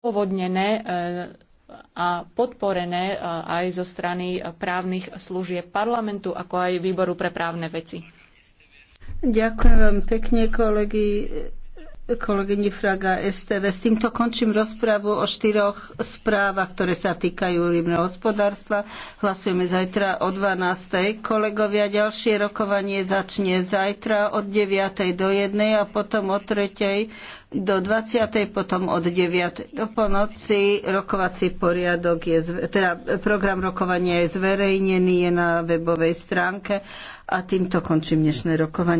povodnené e, a podporené e, aj zo strany právnych služieb parlamentu, ako aj výboru pre právne veci. Ďakujem pekne, kolegy kolegyni Fraga STV. S týmto končím rozpravu o štyroch správach, ktoré sa týkajú rybného hospodárstva. Hlasujeme zajtra o 12.00. Kolegovia, ďalšie rokovanie začne zajtra od 9.00 do 1.00 a potom od 3.00 do 20.00, potom od 9.00 do ponoci. Rokovací poriadok je, teda program rokovania je zverejnený, je na webovej stránke a týmto končím dnešné rokovanie.